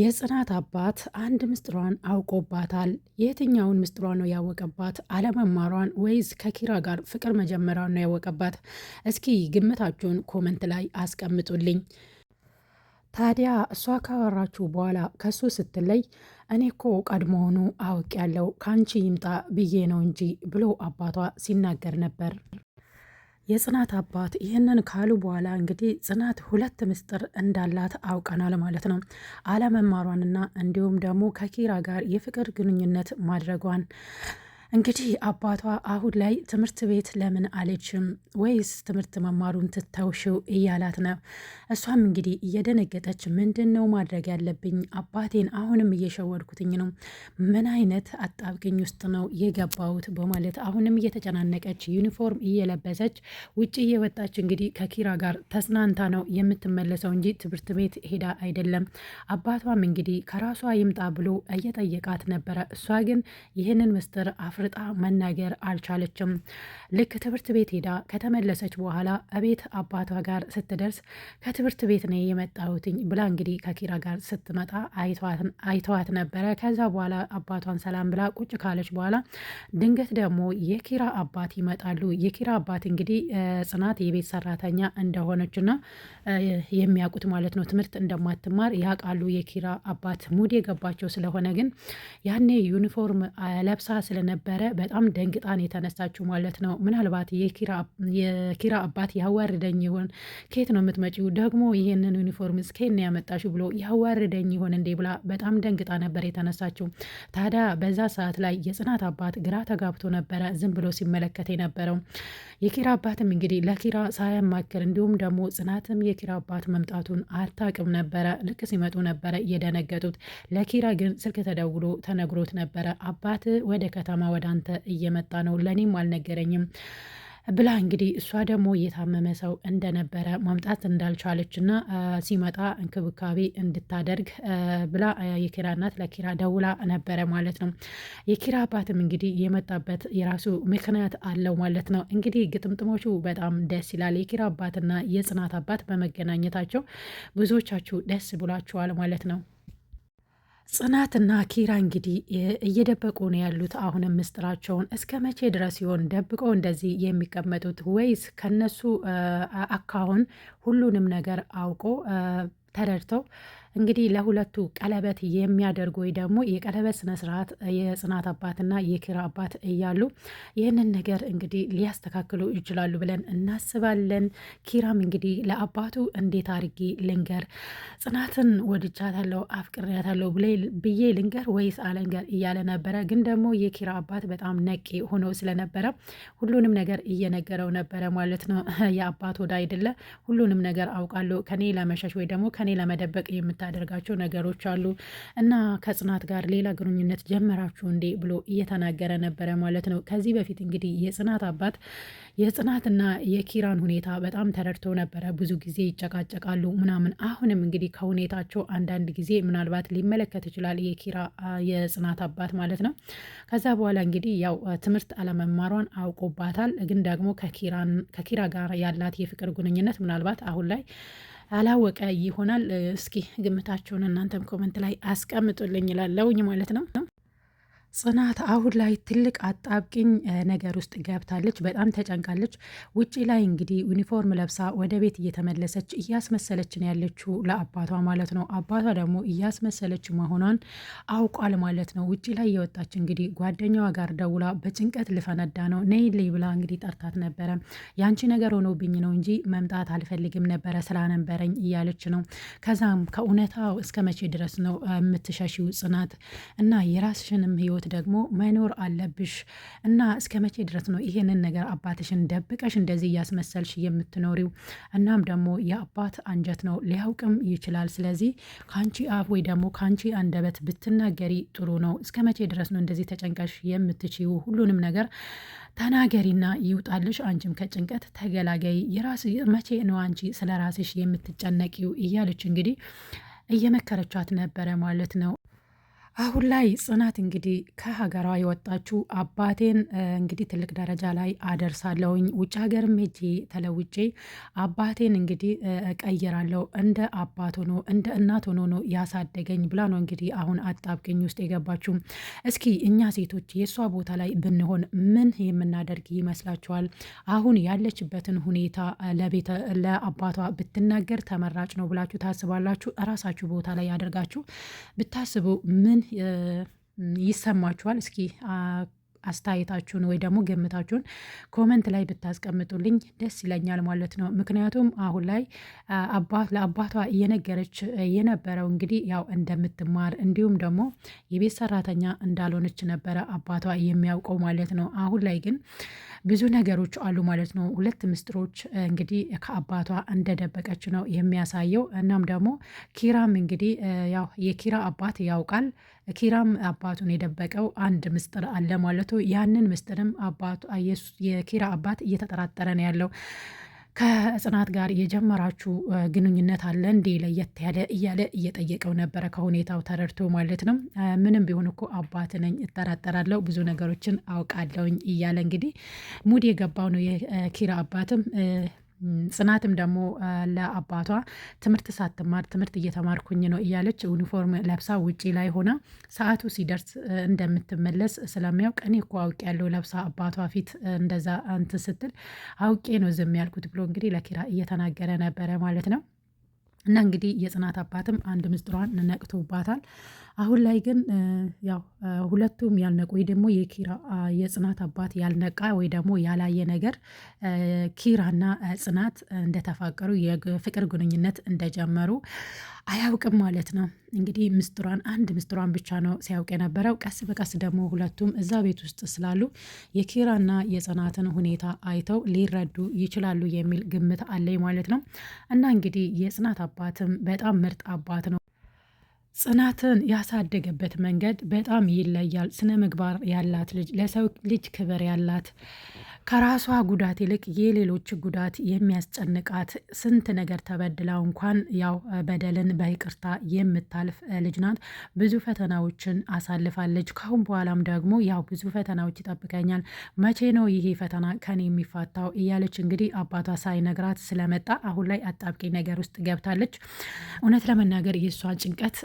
የጽናት አባት አንድ ምስጢሯን አውቆባታል። የትኛውን ምስጢሯን ነው ያወቀባት? አለመማሯን ወይስ ከኪራ ጋር ፍቅር መጀመሪያን ነው ያወቀባት? እስኪ ግምታችሁን ኮመንት ላይ አስቀምጡልኝ። ታዲያ እሷ ካወራችሁ በኋላ ከሱ ስትለይ እኔ እኮ ቀድሞውኑ አውቅ ያለው ከአንቺ ይምጣ ብዬ ነው እንጂ ብሎ አባቷ ሲናገር ነበር። የጽናት አባት ይህንን ካሉ በኋላ እንግዲህ ጽናት ሁለት ምስጢር እንዳላት አውቀናል ማለት ነው። አለመማሯንና እንዲሁም ደግሞ ከኪራ ጋር የፍቅር ግንኙነት ማድረጓን እንግዲህ አባቷ አሁን ላይ ትምህርት ቤት ለምን አለችም ወይስ ትምህርት መማሩን ትተውሽው እያላት ነው። እሷም እንግዲህ እየደነገጠች ምንድን ነው ማድረግ ያለብኝ? አባቴን አሁንም እየሸወድኩትኝ ነው። ምን አይነት አጣብቅኝ ውስጥ ነው የገባሁት? በማለት አሁንም እየተጨናነቀች ዩኒፎርም እየለበሰች ውጭ እየወጣች እንግዲህ ከኪራ ጋር ተጽናንታ ነው የምትመለሰው እንጂ ትምህርት ቤት ሄዳ አይደለም። አባቷም እንግዲህ ከራሷ ይምጣ ብሎ እየጠየቃት ነበረ። እሷ ግን ይህንን ምስጢር አፍ አፍርጣ መናገር አልቻለችም። ልክ ትምህርት ቤት ሄዳ ከተመለሰች በኋላ እቤት አባቷ ጋር ስትደርስ ከትምህርት ቤት ነው የመጣሁትኝ ብላ እንግዲህ ከኪራ ጋር ስትመጣ አይተዋት ነበረ። ከዛ በኋላ አባቷን ሰላም ብላ ቁጭ ካለች በኋላ ድንገት ደግሞ የኪራ አባት ይመጣሉ። የኪራ አባት እንግዲህ ጽናት የቤት ሰራተኛ እንደሆነችና የሚያውቁት ማለት ነው ትምህርት እንደማትማር ያውቃሉ። የኪራ አባት ሙድ የገባቸው ስለሆነ ግን ያኔ ዩኒፎርም ለብሳ ስለነበረ ነበረ። በጣም ደንግጣን የተነሳችው ማለት ነው። ምናልባት የኪራ አባት ያዋርደኝ ይሆን ከየት ነው የምትመጪው ደግሞ ይህንን ዩኒፎርም ስኬን ያመጣሽው ብሎ ያዋርደኝ ይሆን እንዴ ብላ በጣም ደንግጣ ነበር የተነሳችው። ታዲያ በዛ ሰዓት ላይ የጽናት አባት ግራ ተጋብቶ ነበረ ዝም ብሎ ሲመለከት የነበረው። የኪራ አባትም እንግዲህ ለኪራ ሳያማክር እንዲሁም ደግሞ ጽናትም የኪራ አባት መምጣቱን አታውቅም ነበረ። ልክ ሲመጡ ነበረ የደነገጡት። ለኪራ ግን ስልክ ተደውሎ ተነግሮት ነበረ አባት ወደ ከተማ ወደ አንተ እየመጣ ነው ለእኔም አልነገረኝም ብላ እንግዲህ እሷ ደግሞ እየታመመ ሰው እንደነበረ ማምጣት እንዳልቻለች እና ሲመጣ እንክብካቤ እንድታደርግ ብላ የኪራ እናት ለኪራ ደውላ ነበረ ማለት ነው። የኪራ አባትም እንግዲህ የመጣበት የራሱ ምክንያት አለው ማለት ነው። እንግዲህ ግጥምጥሞቹ በጣም ደስ ይላል። የኪራ አባትና የጽናት አባት በመገናኘታቸው ብዙዎቻችሁ ደስ ብሏችኋል ማለት ነው። ጽናትና ኪራ እንግዲህ እየደበቁ ነው ያሉት። አሁንም ምስጢራቸውን እስከ መቼ ድረስ ሲሆን ደብቀው እንደዚህ የሚቀመጡት ወይስ ከነሱ አካሁን ሁሉንም ነገር አውቆ ተረድተው እንግዲህ ለሁለቱ ቀለበት የሚያደርጉ ወይ ደግሞ የቀለበት ስነስርዓት የጽናት አባትና የኪራ አባት እያሉ ይህንን ነገር እንግዲህ ሊያስተካክሉ ይችላሉ ብለን እናስባለን። ኪራም እንግዲህ ለአባቱ እንዴት አድርጌ ልንገር፣ ጽናትን ወድጃታለሁ አፍቅሬያታለሁ ብዬ ልንገር ወይስ አልንገር እያለ ነበረ። ግን ደግሞ የኪራ አባት በጣም ነቄ ሆኖ ስለነበረ ሁሉንም ነገር እየነገረው ነበረ ማለት ነው። የአባት ወደ አይደለ ሁሉንም ነገር አውቃለሁ ከኔ ለመሸሽ ወይ ደግሞ ከኔ ለመደበቅ የምታ የምታደርጋቸው ነገሮች አሉ እና ከጽናት ጋር ሌላ ግንኙነት ጀመራችሁ እንዴ ብሎ እየተናገረ ነበረ ማለት ነው። ከዚህ በፊት እንግዲህ የጽናት አባት የጽናትና የኪራን ሁኔታ በጣም ተረድቶ ነበረ። ብዙ ጊዜ ይጨቃጨቃሉ ምናምን። አሁንም እንግዲህ ከሁኔታቸው አንዳንድ ጊዜ ምናልባት ሊመለከት ይችላል የኪራ የጽናት አባት ማለት ነው። ከዛ በኋላ እንግዲህ ያው ትምህርት አለመማሯን አውቆባታል። ግን ደግሞ ከኪራ ጋር ያላት የፍቅር ግንኙነት ምናልባት አሁን ላይ አላወቀ ይሆናል። እስኪ ግምታችሁን እናንተም ኮመንት ላይ አስቀምጡልኝ ይላለውኝ ማለት ነው። ጽናት አሁን ላይ ትልቅ አጣብቂኝ ነገር ውስጥ ገብታለች። በጣም ተጨንቃለች። ውጪ ላይ እንግዲህ ዩኒፎርም ለብሳ ወደ ቤት እየተመለሰች እያስመሰለች ነው ያለችው ለአባቷ ማለት ነው። አባቷ ደግሞ እያስመሰለች መሆኗን አውቋል ማለት ነው። ውጪ ላይ የወጣች እንግዲህ ጓደኛዋ ጋር ደውላ በጭንቀት ልፈነዳ ነው ነይልኝ ብላ እንግዲህ ጠርታት ነበረ። ያንቺ ነገር ሆኖብኝ ነው እንጂ መምጣት አልፈልግም ነበረ ስላነበረኝ እያለች ነው። ከዛም ከእውነታ እስከ መቼ ድረስ ነው የምትሸሺው ጽናት እና የራስሽንም ህይወት ህይወት ደግሞ መኖር አለብሽ እና እስከ መቼ ድረስ ነው ይሄንን ነገር አባትሽን ደብቀሽ እንደዚህ እያስመሰልሽ የምትኖሪው? እናም ደግሞ የአባት አንጀት ነው ሊያውቅም ይችላል። ስለዚህ ከአንቺ አፍ ወይ ደግሞ ከአንቺ አንደበት ብትናገሪ ጥሩ ነው። እስከ መቼ ድረስ ነው እንደዚህ ተጨንቀሽ የምትችው? ሁሉንም ነገር ተናገሪና ይውጣልሽ። አንቺም ከጭንቀት ተገላገይ። የራስ መቼ ነው አንቺ ስለ ራስሽ የምትጨነቂው? እያለች እንግዲህ እየመከረቻት ነበረ ማለት ነው። አሁን ላይ ጽናት እንግዲህ ከሀገሯ የወጣችው አባቴን እንግዲህ ትልቅ ደረጃ ላይ አደርሳለሁኝ ውጭ ሀገር ሄጄ ተለውጬ አባቴን እንግዲህ እቀይራለሁ እንደ አባት ሆኖ እንደ እናት ሆኖ ነው ያሳደገኝ ብላ ነው እንግዲህ አሁን አጣብቅኝ ውስጥ የገባችው። እስኪ እኛ ሴቶች የእሷ ቦታ ላይ ብንሆን ምን የምናደርግ ይመስላችኋል? አሁን ያለችበትን ሁኔታ ለቤተ ለአባቷ ብትናገር ተመራጭ ነው ብላችሁ ታስባላችሁ? እራሳችሁ ቦታ ላይ ያደርጋችሁ ብታስቡ ምን ይሰማችኋል። እስኪ አስተያየታችሁን ወይ ደግሞ ገምታችሁን ኮመንት ላይ ብታስቀምጡልኝ ደስ ይለኛል ማለት ነው። ምክንያቱም አሁን ላይ ለአባቷ እየነገረች የነበረው እንግዲህ ያው እንደምትማር እንዲሁም ደግሞ የቤት ሰራተኛ እንዳልሆነች ነበረ አባቷ የሚያውቀው ማለት ነው። አሁን ላይ ግን ብዙ ነገሮች አሉ ማለት ነው። ሁለት ምስጢሮች እንግዲህ ከአባቷ እንደደበቀች ነው የሚያሳየው። እናም ደግሞ ኪራም እንግዲህ ያው የኪራ አባት ያውቃል ኪራም አባቱን የደበቀው አንድ ምስጢር አለ ማለቱ ያንን ምስጢርም አባቱ የኪራ አባት እየተጠራጠረ ነው ያለው። ከጽናት ጋር የጀመራችሁ ግንኙነት አለ እንዴ ለየት ያለ እያለ እየጠየቀው ነበረ። ከሁኔታው ተረድቶ ማለት ነው። ምንም ቢሆን እኮ አባት ነኝ እጠራጠራለሁ፣ ብዙ ነገሮችን አውቃለሁኝ እያለ እንግዲህ ሙድ የገባው ነው የኪራ አባትም ጽናትም ደግሞ ለአባቷ ትምህርት ሳትማር ትምህርት እየተማርኩኝ ነው እያለች ዩኒፎርም ለብሳ ውጪ ላይ ሆና ሰዓቱ ሲደርስ እንደምትመለስ ስለሚያውቅ እኔ እኮ አውቄ ያለው ለብሳ አባቷ ፊት እንደዛ እንትን ስትል አውቄ ነው ዝም ያልኩት ብሎ እንግዲህ ለኪራ እየተናገረ ነበረ ማለት ነው። እና እንግዲህ የጽናት አባትም አንድ ምስጢሯን ነቅቶባታል። አሁን ላይ ግን ያው ሁለቱም ያልነቁ ወይ ደግሞ የኪራ የጽናት አባት ያልነቃ ወይ ደግሞ ያላየ ነገር ኪራና ጽናት እንደተፋቀሩ የፍቅር ግንኙነት እንደጀመሩ አያውቅም ማለት ነው። እንግዲህ ምስጢሯን አንድ ምስጢሯን ብቻ ነው ሲያውቅ የነበረው። ቀስ በቀስ ደግሞ ሁለቱም እዛ ቤት ውስጥ ስላሉ የኪራና የጽናትን ሁኔታ አይተው ሊረዱ ይችላሉ የሚል ግምት አለኝ ማለት ነው። እና እንግዲህ የጽናት አባትም በጣም ምርጥ አባት ነው። ጽናትን ያሳደገበት መንገድ በጣም ይለያል። ስነ ምግባር ያላት ልጅ፣ ለሰው ልጅ ክብር ያላት ከራሷ ጉዳት ይልቅ የሌሎች ጉዳት የሚያስጨንቃት ስንት ነገር ተበድላ እንኳን ያው በደልን በይቅርታ የምታልፍ ልጅ ናት። ብዙ ፈተናዎችን አሳልፋለች። ካሁን በኋላም ደግሞ ያው ብዙ ፈተናዎች ይጠብቀኛል፣ መቼ ነው ይሄ ፈተና ከኔ የሚፋታው እያለች እንግዲህ አባቷ ሳይነግራት ስለመጣ አሁን ላይ አጣብቂኝ ነገር ውስጥ ገብታለች። እውነት ለመናገር የእሷ ጭንቀት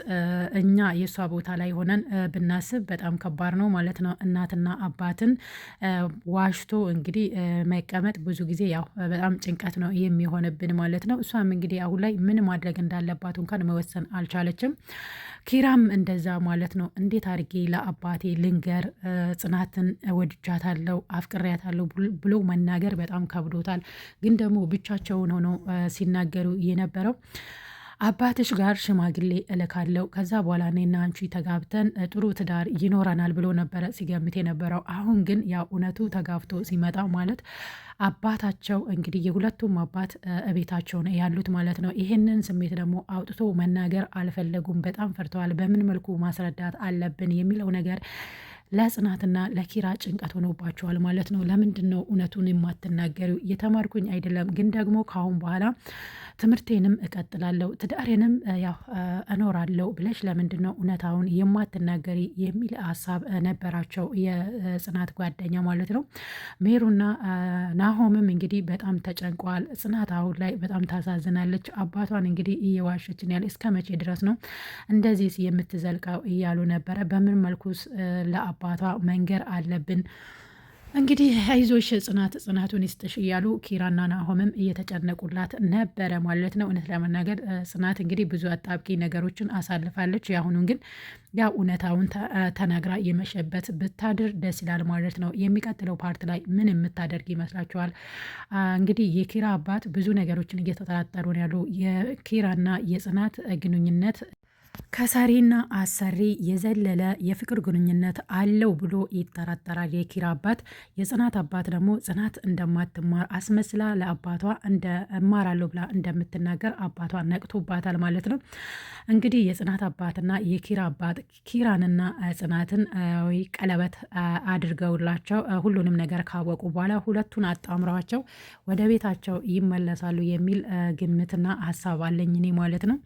እኛ የእሷ ቦታ ላይ ሆነን ብናስብ በጣም ከባድ ነው ማለት ነው። እናትና አባትን ዋሽቶ እንግዲህ እንግዲህ መቀመጥ ብዙ ጊዜ ያው በጣም ጭንቀት ነው የሚሆንብን ማለት ነው። እሷም እንግዲህ አሁን ላይ ምን ማድረግ እንዳለባት እንኳን መወሰን አልቻለችም። ኪራም እንደዛ ማለት ነው። እንዴት አድርጌ ለአባቴ ልንገር ጽናትን ወድጃታለሁ አፍቅሬያታለሁ ብሎ መናገር በጣም ከብዶታል። ግን ደግሞ ብቻቸውን ሆነው ሲናገሩ የነበረው አባትሽ ጋር ሽማግሌ እልካለሁ ከዛ በኋላ እኔና አንቺ ተጋብተን ጥሩ ትዳር ይኖረናል ብሎ ነበረ ሲገምት የነበረው። አሁን ግን ያው እውነቱ ተጋብቶ ሲመጣ ማለት አባታቸው እንግዲህ የሁለቱም አባት እቤታቸው ነው ያሉት ማለት ነው። ይህንን ስሜት ደግሞ አውጥቶ መናገር አልፈለጉም። በጣም ፈርተዋል። በምን መልኩ ማስረዳት አለብን የሚለው ነገር ለጽናትና ለኪራ ጭንቀት ሆኖባቸዋል ማለት ነው። ለምንድን ነው እውነቱን የማትናገሪው? የተማርኩኝ አይደለም ግን ደግሞ ከአሁን በኋላ ትምህርቴንም እቀጥላለሁ ትዳሬንም ያው እኖራለሁ ብለሽ ለምንድን ነው እውነታውን የማትናገሪ የሚል ሀሳብ ነበራቸው የጽናት ጓደኛ ማለት ነው። ሜሩና ናሆምም እንግዲህ በጣም ተጨንቋል። ጽናት አሁን ላይ በጣም ታሳዝናለች። አባቷን እንግዲህ እየዋሸችን ያለ እስከ መቼ ድረስ ነው እንደዚህ የምትዘልቀው እያሉ ነበረ። በምን መልኩስ ለአባቷ መንገር አለብን እንግዲህ አይዞሽ ጽናት ጽናቱን ይስጥሽ እያሉ ኪራና ናሆምም እየተጨነቁላት ነበረ ማለት ነው። እውነት ለመናገር ጽናት እንግዲህ ብዙ አጣብቂ ነገሮችን አሳልፋለች። የአሁኑን ግን ያ እውነታውን ተናግራ የመሸበት ብታድር ደስ ይላል ማለት ነው። የሚቀጥለው ፓርት ላይ ምን የምታደርግ ይመስላችኋል? እንግዲህ የኪራ አባት ብዙ ነገሮችን እየተጠራጠሩ ያሉ የኪራና የጽናት ግንኙነት ከሰሪና አሰሪ የዘለለ የፍቅር ግንኙነት አለው ብሎ ይጠራጠራል የኪራ አባት። የጽናት አባት ደግሞ ጽናት እንደማትማር አስመስላ ለአባቷ እማራለሁ ብላ እንደምትናገር አባቷ ነቅቶባታል ማለት ነው። እንግዲህ የጽናት አባትና የኪራ አባት ኪራንና ጽናትን ቀለበት አድርገውላቸው ሁሉንም ነገር ካወቁ በኋላ ሁለቱን አጣምረዋቸው ወደ ቤታቸው ይመለሳሉ የሚል ግምትና ሀሳብ አለኝ እኔ ማለት ነው።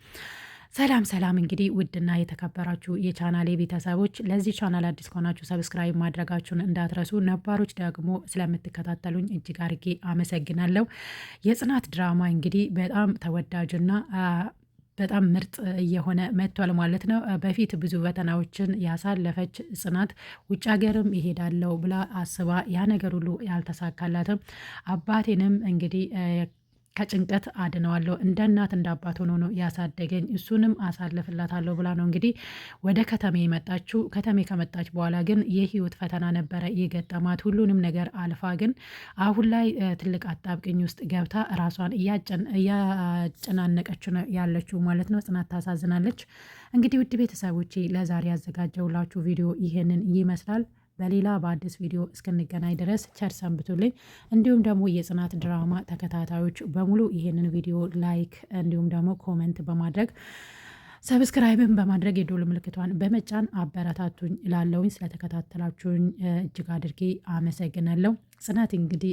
ሰላም ሰላም። እንግዲህ ውድና የተከበራችሁ የቻናሌ ቤተሰቦች ለዚህ ቻናል አዲስ ከሆናችሁ ሰብስክራይብ ማድረጋችሁን እንዳትረሱ፣ ነባሮች ደግሞ ስለምትከታተሉኝ እጅግ አርጌ አመሰግናለሁ። የጽናት ድራማ እንግዲህ በጣም ተወዳጅና በጣም ምርጥ እየሆነ መጥቷል ማለት ነው። በፊት ብዙ ፈተናዎችን ያሳለፈች ጽናት ውጭ ሀገርም ይሄዳለው ብላ አስባ ያ ነገር ሁሉ ያልተሳካላትም አባቴንም እንግዲህ ከጭንቀት አድነዋለሁ እንደ እናት እንደ አባት ሆኖ ነው ያሳደገኝ፣ እሱንም አሳልፍላታለሁ ብላ ነው እንግዲህ ወደ ከተሜ የመጣችው። ከተሜ ከመጣች በኋላ ግን የህይወት ፈተና ነበረ የገጠማት። ሁሉንም ነገር አልፋ ግን አሁን ላይ ትልቅ አጣብቅኝ ውስጥ ገብታ ራሷን እያጨናነቀች ነው ያለችው ማለት ነው። ጽናት ታሳዝናለች። እንግዲህ ውድ ቤተሰቦቼ ለዛሬ ያዘጋጀውላችሁ ቪዲዮ ይህንን ይመስላል። በሌላ በአዲስ ቪዲዮ እስክንገናኝ ድረስ ቸር ሰንብቱልኝ። እንዲሁም ደግሞ የጽናት ድራማ ተከታታዮች በሙሉ ይህንን ቪዲዮ ላይክ እንዲሁም ደግሞ ኮመንት በማድረግ ሰብስክራይብን በማድረግ የዶል ምልክቷን በመጫን አበረታቱኝ እላለሁኝ። ስለተከታተላችሁኝ እጅግ አድርጌ አመሰግናለሁ። ጽናት እንግዲህ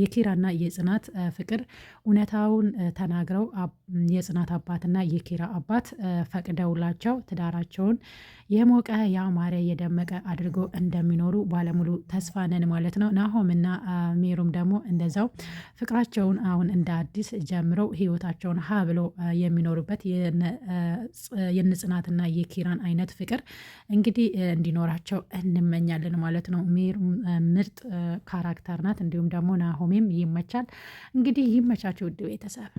የኪራና የጽናት ፍቅር እውነታውን ተናግረው የጽናት አባትና የኪራ አባት ፈቅደውላቸው ትዳራቸውን የሞቀ ያማረ የደመቀ አድርጎ እንደሚኖሩ ባለሙሉ ተስፋ ነን ማለት ነው። ናሆምና ሜሩም ደግሞ እንደዛው ፍቅራቸውን አሁን እንደ አዲስ ጀምረው ህይወታቸውን ሀ ብሎ የሚኖሩበት የነጽናትና የኪራን አይነት ፍቅር እንግዲህ እንዲኖራቸው እንመኛለን ማለት ነው። ሜሩም ምርጥ ካራክተር ናት። እንዲሁም ደግሞ ናሆሜም ይመቻል። እንግዲህ ይመቻቸው ውድ ቤተሰብ